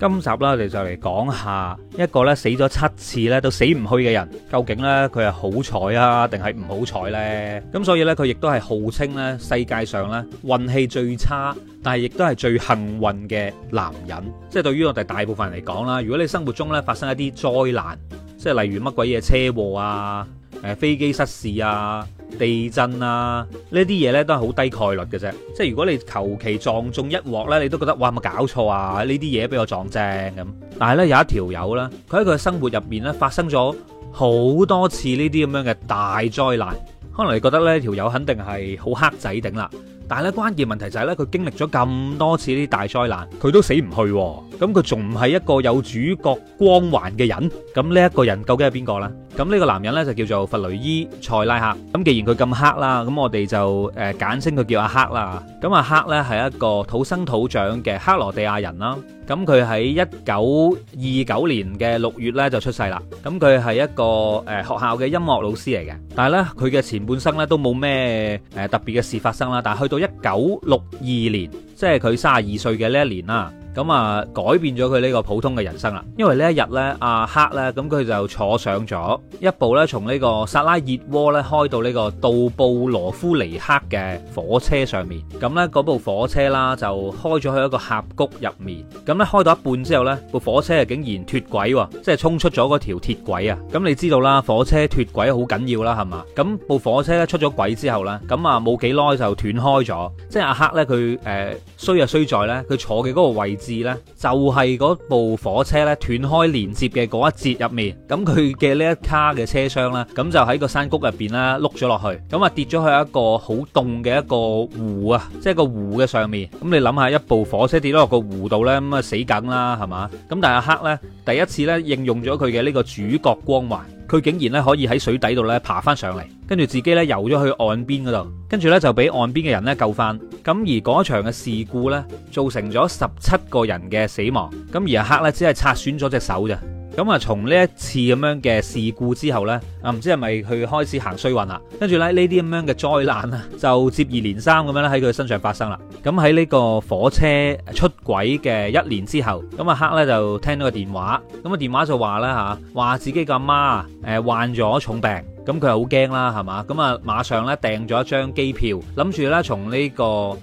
今集啦，我哋就嚟講下一個咧死咗七次咧都死唔去嘅人，究竟咧佢係好彩啊，定係唔好彩呢？咁所以呢，佢亦都係號稱咧世界上咧運氣最差，但係亦都係最幸運嘅男人。即係對於我哋大部分人嚟講啦，如果你生活中咧發生一啲災難，即係例如乜鬼嘢車禍啊。誒，飛機失事啊，地震啊，呢啲嘢，呢都係好低概率嘅啫。即係如果你求其撞中一鑊呢，你都覺得哇，咪搞錯啊！呢啲嘢俾我撞正咁。但係呢，有一條友呢，佢喺佢生活入面呢發生咗好多次呢啲咁樣嘅大災難。可能你覺得呢條友、這個、肯定係好黑仔頂啦。但係咧關鍵問題就係呢，佢經歷咗咁多次呢啲大災難，佢都死唔去、啊。咁佢仲唔係一個有主角光環嘅人？咁呢一個人究竟係邊個呢？咁呢個男人呢就叫做弗雷伊塞拉克。咁既然佢咁黑啦，咁我哋就誒簡稱佢叫阿黑啦。咁阿黑呢係一個土生土長嘅克羅地亞人啦。咁佢喺一九二九年嘅六月呢就出世啦。咁佢係一個誒學校嘅音樂老師嚟嘅。但係呢佢嘅前半生呢都冇咩誒特別嘅事發生啦。但係去到一九六二年。即係佢卅二歲嘅呢一年啦，咁啊改變咗佢呢個普通嘅人生啦。因為呢一日呢，阿黑呢，咁佢就坐上咗一部呢，從呢個薩拉熱窩呢，開到呢個杜布羅夫尼克嘅火車上面。咁呢，嗰部火車啦就開咗去一個峽谷入面。咁呢，開到一半之後呢，火火部火車啊竟然脱軌喎，即係衝出咗嗰條鐵軌啊！咁你知道啦，火車脱軌好緊要啦，係嘛？咁部火車咧出咗軌之後呢，咁啊冇幾耐就斷開咗。即係阿黑呢，佢、呃、誒。衰啊衰在呢，佢坐嘅嗰個位置呢，就係、是、嗰部火車咧斷開連接嘅嗰一節入面，咁佢嘅呢一卡嘅車廂呢，咁就喺個山谷入邊啦，碌咗落去，咁啊跌咗去一個好凍嘅一個湖啊，即係個湖嘅上面，咁你諗下一,一部火車跌咗落個湖度呢，咁啊死梗啦，係嘛，咁但係黑呢，第一次呢，應用咗佢嘅呢個主角光環。佢竟然咧可以喺水底度咧爬翻上嚟，跟住自己咧游咗去岸邊嗰度，跟住咧就俾岸邊嘅人咧救翻。咁而嗰場嘅事故咧造成咗十七個人嘅死亡，咁而阿黑咧只係擦損咗隻手咋。咁啊，從呢一次咁樣嘅事故之後呢，啊唔知係咪佢開始行衰運啦？跟住咧，呢啲咁樣嘅災難啊，就接二連三咁樣咧喺佢身上發生啦。咁喺呢個火車出軌嘅一年之後，咁啊黑呢就聽到個電話，咁啊電話就話咧嚇，話自己個阿媽誒患咗重病。咁佢好驚啦，係嘛？咁啊，馬上咧訂咗一張機票，諗住咧從呢、這個誒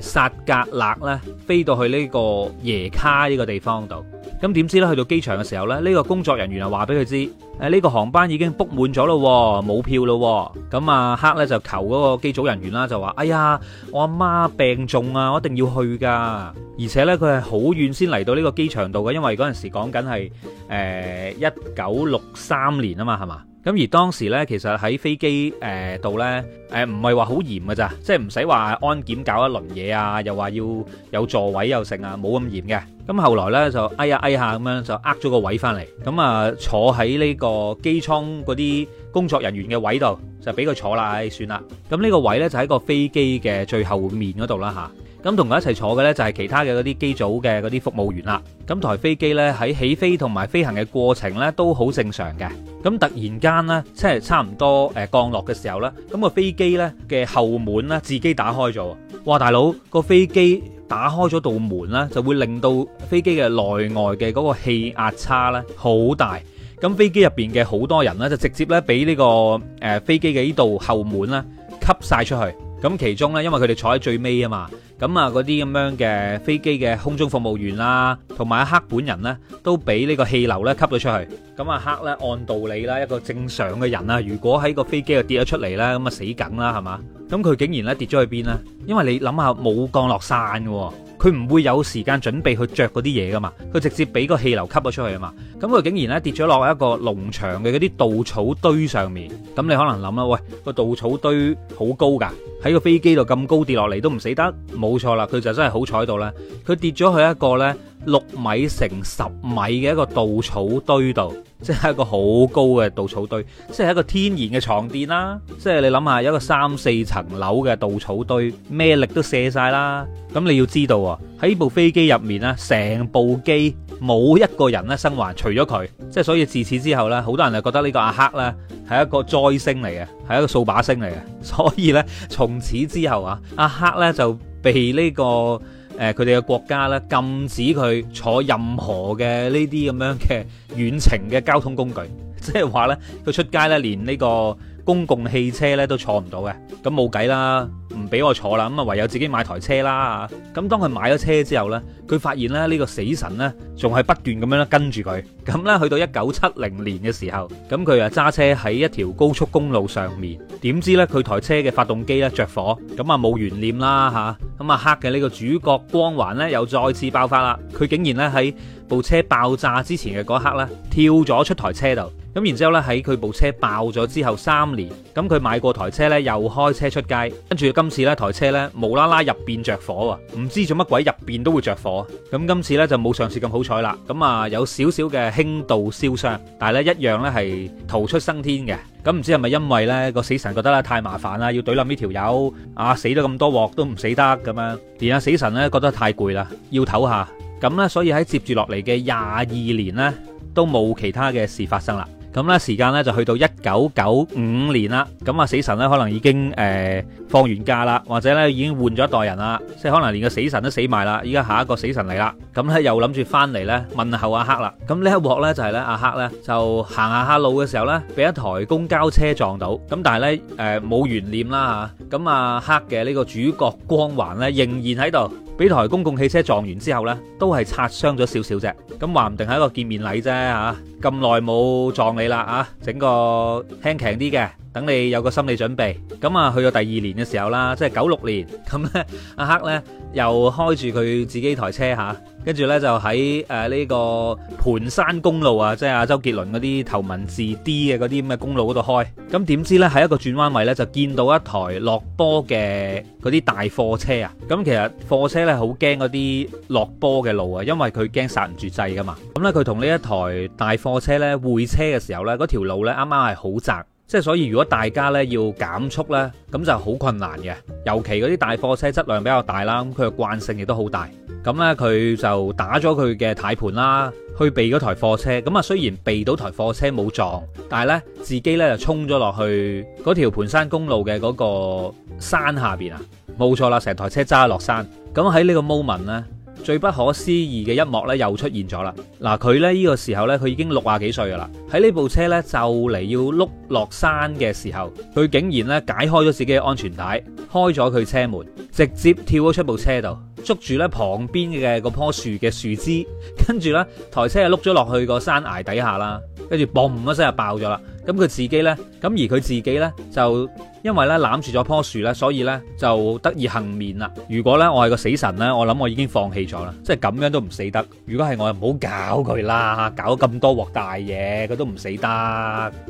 薩、呃、格勒咧飛到去呢個耶卡呢個地方度。咁、嗯、點知咧去到機場嘅時候咧，呢、這個工作人員啊話俾佢知誒，呢、這個航班已經 book 滿咗咯，冇票咯。咁、嗯、啊，黑咧就求嗰個機組人員啦，就話：哎呀，我阿媽病重啊，我一定要去噶。而且咧佢係好遠先嚟到呢個機場度嘅，因為嗰陣時講緊係誒一九六三年啊嘛，係嘛？咁而當時呢，其實喺飛機誒度呢，誒唔係話好嚴㗎咋，即係唔使話安檢搞一輪嘢啊，又話要有座位又成啊，冇咁嚴嘅。咁後來呢，就哎呀哎下咁樣就呃咗個位翻嚟，咁啊坐喺呢個機艙嗰啲工作人員嘅位度就俾佢坐啦，唉、哎、算啦。咁、這、呢個位呢，就喺個飛機嘅最後面嗰度啦嚇。啊咁同佢一齊坐嘅呢就係其他嘅嗰啲機組嘅嗰啲服務員啦。咁台飛機呢喺起飛同埋飛行嘅過程呢都好正常嘅。咁突然間呢，即係差唔多誒降落嘅時候呢，咁個飛機呢嘅後門呢自己打開咗。哇！大佬個飛機打開咗道門呢，就會令到飛機嘅內外嘅嗰個氣壓差呢好大。咁飛機入邊嘅好多人呢就直接呢俾呢個誒飛機嘅呢度後門呢吸晒出去。咁其中呢，因為佢哋坐喺最尾啊嘛，咁啊嗰啲咁樣嘅飛機嘅空中服務員啦，同埋黑本人呢，都俾呢個氣流呢吸咗出去。咁啊，黑呢，按道理啦，一個正常嘅人啊，如果喺個飛機度跌咗出嚟啦，咁啊死梗啦，係嘛？咁佢竟然呢跌咗去邊呢？因為你諗下冇降落傘噶，佢唔會有時間準備去着嗰啲嘢噶嘛，佢直接俾個氣流吸咗出去啊嘛。咁佢竟然呢跌咗落一個農場嘅嗰啲稻草堆上面。咁你可能諗啦，喂，個稻草堆好高噶。喺個飛機度咁高跌落嚟都唔死得，冇錯啦！佢就真係好彩到啦，佢跌咗去一個呢六米乘十米嘅一個稻草堆度，即係一個好高嘅稻草堆，即係一個天然嘅床墊啦。即係你諗下，有一個三四層樓嘅稻草堆，咩力都卸晒啦。咁你要知道啊，喺部飛機入面呢，成部機。冇一個人咧生還，除咗佢。即係所以自此之後呢，好多人就覺得呢個阿黑呢係一個災星嚟嘅，係一個掃把星嚟嘅。所以呢，從此之後啊，阿黑呢就被呢個誒佢哋嘅國家呢禁止佢坐任何嘅呢啲咁樣嘅遠程嘅交通工具，即係話呢，佢出街呢連呢個公共汽車呢都坐唔到嘅，咁冇計啦。唔俾我坐啦，咁啊唯有自己買台車啦。咁當佢買咗車之後呢，佢發現咧呢個死神呢仲係不斷咁樣咧跟住佢。咁呢去到一九七零年嘅時候，咁佢啊揸車喺一條高速公路上面，點知呢，佢台車嘅發動機咧着火，咁啊冇懸念啦吓。咁啊黑嘅呢個主角光環呢又再次爆發啦，佢竟然呢喺部車爆炸之前嘅嗰一刻呢跳咗出台車度。咁然之後呢，喺佢部車爆咗之後三年，咁佢買過台車呢，又開車出街，跟住今次呢，台車呢無啦啦入邊着火喎，唔知做乜鬼入邊都會着火。咁今次呢，就冇上次咁好彩啦，咁啊有少少嘅輕度燒傷，但係呢一樣呢，係逃出生天嘅。咁唔知係咪因為呢個死神覺得啦太麻煩啦，要懟冧呢條友，啊死咗咁多鑊都唔死得咁樣，連阿死神呢，覺得太攰啦，要唞下。咁呢所以喺接住落嚟嘅廿二年呢，都冇其他嘅事發生啦。咁呢時間呢，就去到一九九五年啦。咁啊，死神呢，可能已經誒，呃放完假啦，或者咧已經換咗一代人啦，即係可能連個死神都死埋啦，依家，下一個死神嚟啦，咁咧又諗住翻嚟咧問候阿黑啦，咁呢一鑊咧就係咧阿黑咧就行下下路嘅時候咧俾一台公交車撞到，咁但係咧誒冇懸念啦吓，咁阿黑嘅呢個主角光環咧仍然喺度，俾台公共汽車撞完之後咧都係擦傷咗少少啫，咁話唔定係一個見面禮啫吓，咁耐冇撞你啦啊，整個輕強啲嘅。等你有個心理準備，咁、嗯、啊去到第二年嘅時候啦，即係九六年，咁咧阿黑咧又開住佢自己台車嚇，跟住咧就喺誒呢個盤山公路啊，即係阿周杰倫嗰啲頭文字 D 嘅嗰啲咁嘅公路嗰度開，咁、嗯、點知咧喺一個轉彎位咧就見到一台落坡嘅嗰啲大貨車啊，咁、嗯、其實貨車咧好驚嗰啲落坡嘅路啊，因為佢驚剎唔住掣噶嘛，咁咧佢同呢一台大貨車咧會車嘅時候咧，嗰條路咧啱啱係好窄。即係所以，如果大家呢要減速呢，咁就好困難嘅。尤其嗰啲大貨車質量比較大啦，咁佢嘅慣性亦都好大。咁呢，佢就打咗佢嘅軚盤啦，去避嗰台貨車。咁啊，雖然避到台貨車冇撞，但係呢，自己呢就衝咗落去嗰條盤山公路嘅嗰個山下邊啊！冇錯啦，成台車揸落山。咁喺呢個 moment 呢。最不可思議嘅一幕咧又出現咗啦！嗱，佢咧呢個時候咧，佢已經六廿幾歲噶啦，喺呢部車咧就嚟要碌落山嘅時候，佢竟然咧解開咗自己嘅安全帶，開咗佢車門，直接跳咗出部車度，捉住呢旁邊嘅嗰棵樹嘅樹枝，跟住呢，台車啊碌咗落去個山崖底下啦，跟住嘣一聲就爆咗啦！咁佢自己呢？咁而佢自己呢？就。因為咧攬住咗棵樹咧，所以咧就得以幸免啦。如果咧我係個死神咧，我諗我已經放棄咗啦，即係咁樣都唔死得。如果係我，就唔好搞佢啦，搞咗咁多鑊大嘢，佢都唔死得。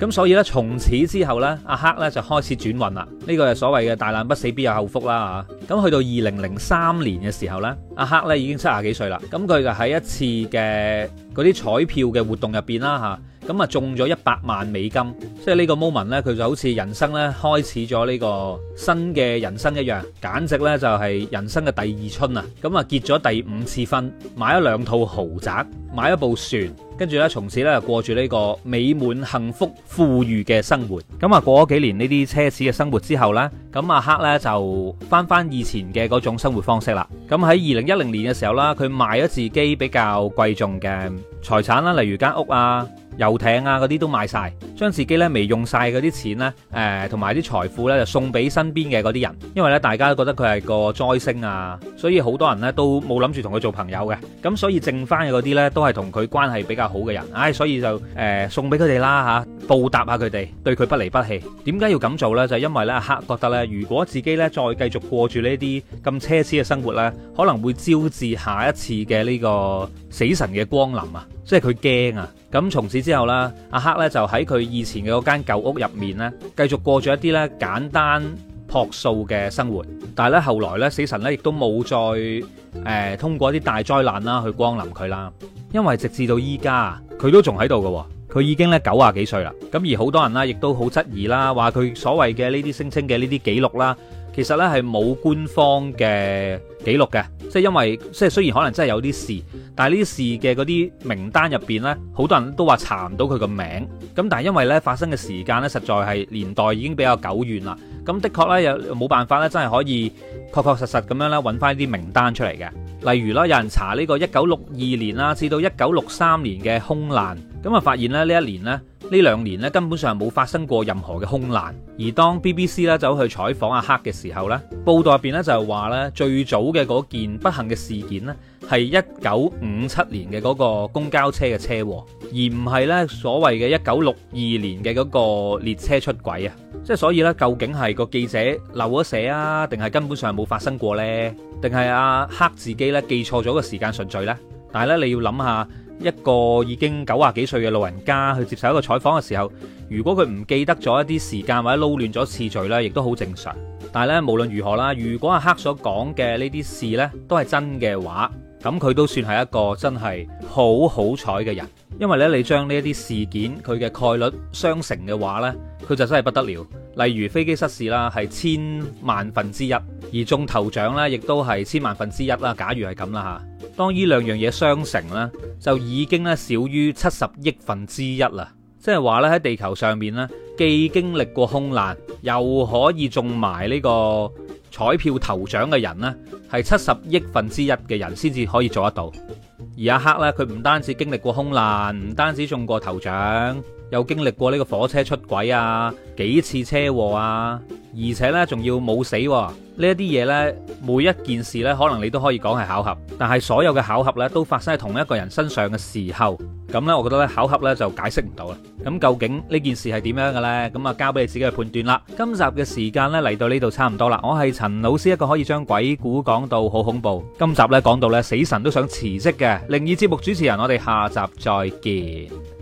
咁所以呢，從此之後呢，阿黑咧就開始轉運啦。呢個係所謂嘅大難不死，必有後福啦嚇。咁去到二零零三年嘅時候呢，阿黑呢已經七廿幾歲啦。咁佢就喺一次嘅嗰啲彩票嘅活動入邊啦嚇，咁啊中咗一百萬美金，即係呢個 moment 呢，佢就好似人生呢開始，似咗呢個新嘅人生一樣，簡直呢就係人生嘅第二春啊！咁啊結咗第五次婚，買咗兩套豪宅，買咗部船，跟住呢從此呢過住呢個美滿幸福富裕嘅生活。咁啊過咗幾年呢啲奢侈嘅生活之後呢，咁阿黑呢就翻翻以前嘅嗰種生活方式啦。咁喺二零一零年嘅時候啦，佢賣咗自己比較貴重嘅財產啦，例如間屋啊。遊艇啊，嗰啲都賣晒，將自己咧未用晒嗰啲錢呢，誒同埋啲財富呢，就送俾身邊嘅嗰啲人，因為咧大家都覺得佢係個災星啊，所以好多人呢都冇諗住同佢做朋友嘅，咁所以剩翻嘅嗰啲呢，都係同佢關係比較好嘅人，唉、哎，所以就誒、呃、送俾佢哋啦嚇，報、啊、答下佢哋，對佢不離不棄。點解要咁做呢？就係、因為呢，黑覺得呢，如果自己呢再繼續過住呢啲咁奢侈嘅生活呢，可能會招致下一次嘅呢個死神嘅光臨啊！即係佢驚啊！咁從此之後啦，阿黑咧就喺佢以前嘅嗰間舊屋入面咧，繼續過咗一啲咧簡單樸素嘅生活。但係咧，後來咧，死神咧亦都冇再誒、呃、通過一啲大災難啦去光臨佢啦。因為直至到依家佢都仲喺度嘅。佢已經咧九廿幾歲啦。咁而好多人啦，亦都好質疑啦，話佢所謂嘅呢啲聲稱嘅呢啲記錄啦，其實咧係冇官方嘅記錄嘅。即係因為，即係雖然可能真係有啲事。但係呢啲事嘅嗰啲名單入邊呢，好多人都話查唔到佢個名。咁但係因為呢發生嘅時間呢，實在係年代已經比較久遠啦。咁的確呢，又冇辦法呢，真係可以確確實實咁樣呢揾翻啲名單出嚟嘅。例如啦，有人查呢個一九六二年啦，至到一九六三年嘅空難。咁啊！發現咧呢一年呢，呢兩年呢，根本上冇發生過任何嘅空難。而當 BBC 咧走去採訪阿黑嘅時候呢，報道入邊呢，就係話呢最早嘅嗰件不幸嘅事件呢，係一九五七年嘅嗰個公交車嘅車禍，而唔係呢所謂嘅一九六二年嘅嗰個列車出軌啊。即係所以呢，究竟係個記者漏咗寫啊，定係根本上冇發生過呢？定係阿黑自己呢記錯咗個時間順序呢？但係呢，你要諗下。一個已經九啊幾歲嘅老人家去接受一個採訪嘅時候，如果佢唔記得咗一啲時間或者撈亂咗次序呢，亦都好正常。但係呢，無論如何啦，如果阿黑所講嘅呢啲事呢都係真嘅話，咁佢都算係一個真係好好彩嘅人。因為呢，你將呢一啲事件，佢嘅概率相乘嘅話呢，佢就真係不得了。例如飛機失事啦，係千萬分之一。而中頭獎咧，亦都係千萬分之一啦。假如係咁啦嚇，當呢兩樣嘢相乘呢，就已經咧少於七十億分之一啦。即係話呢，喺地球上面呢，既經歷過空難，又可以中埋呢個彩票頭獎嘅人呢，係七十億分之一嘅人先至可以做得到。而阿克咧，佢唔單止經歷過空難，唔單止中過頭獎。又經歷過呢個火車出軌啊，幾次車禍啊，而且呢仲要冇死，啊，呢一啲嘢呢，每一件事呢，可能你都可以講係巧合，但係所有嘅巧合呢，都發生喺同一個人身上嘅時候，咁呢，我覺得呢巧合呢，就解釋唔到啦。咁究竟呢件事係點樣嘅呢？咁啊，交俾你自己去判斷啦。今集嘅時間呢，嚟到呢度差唔多啦。我係陳老師，一個可以將鬼故講到好恐怖。今集呢，講到呢死神都想辭職嘅靈異節目主持人。我哋下集再見。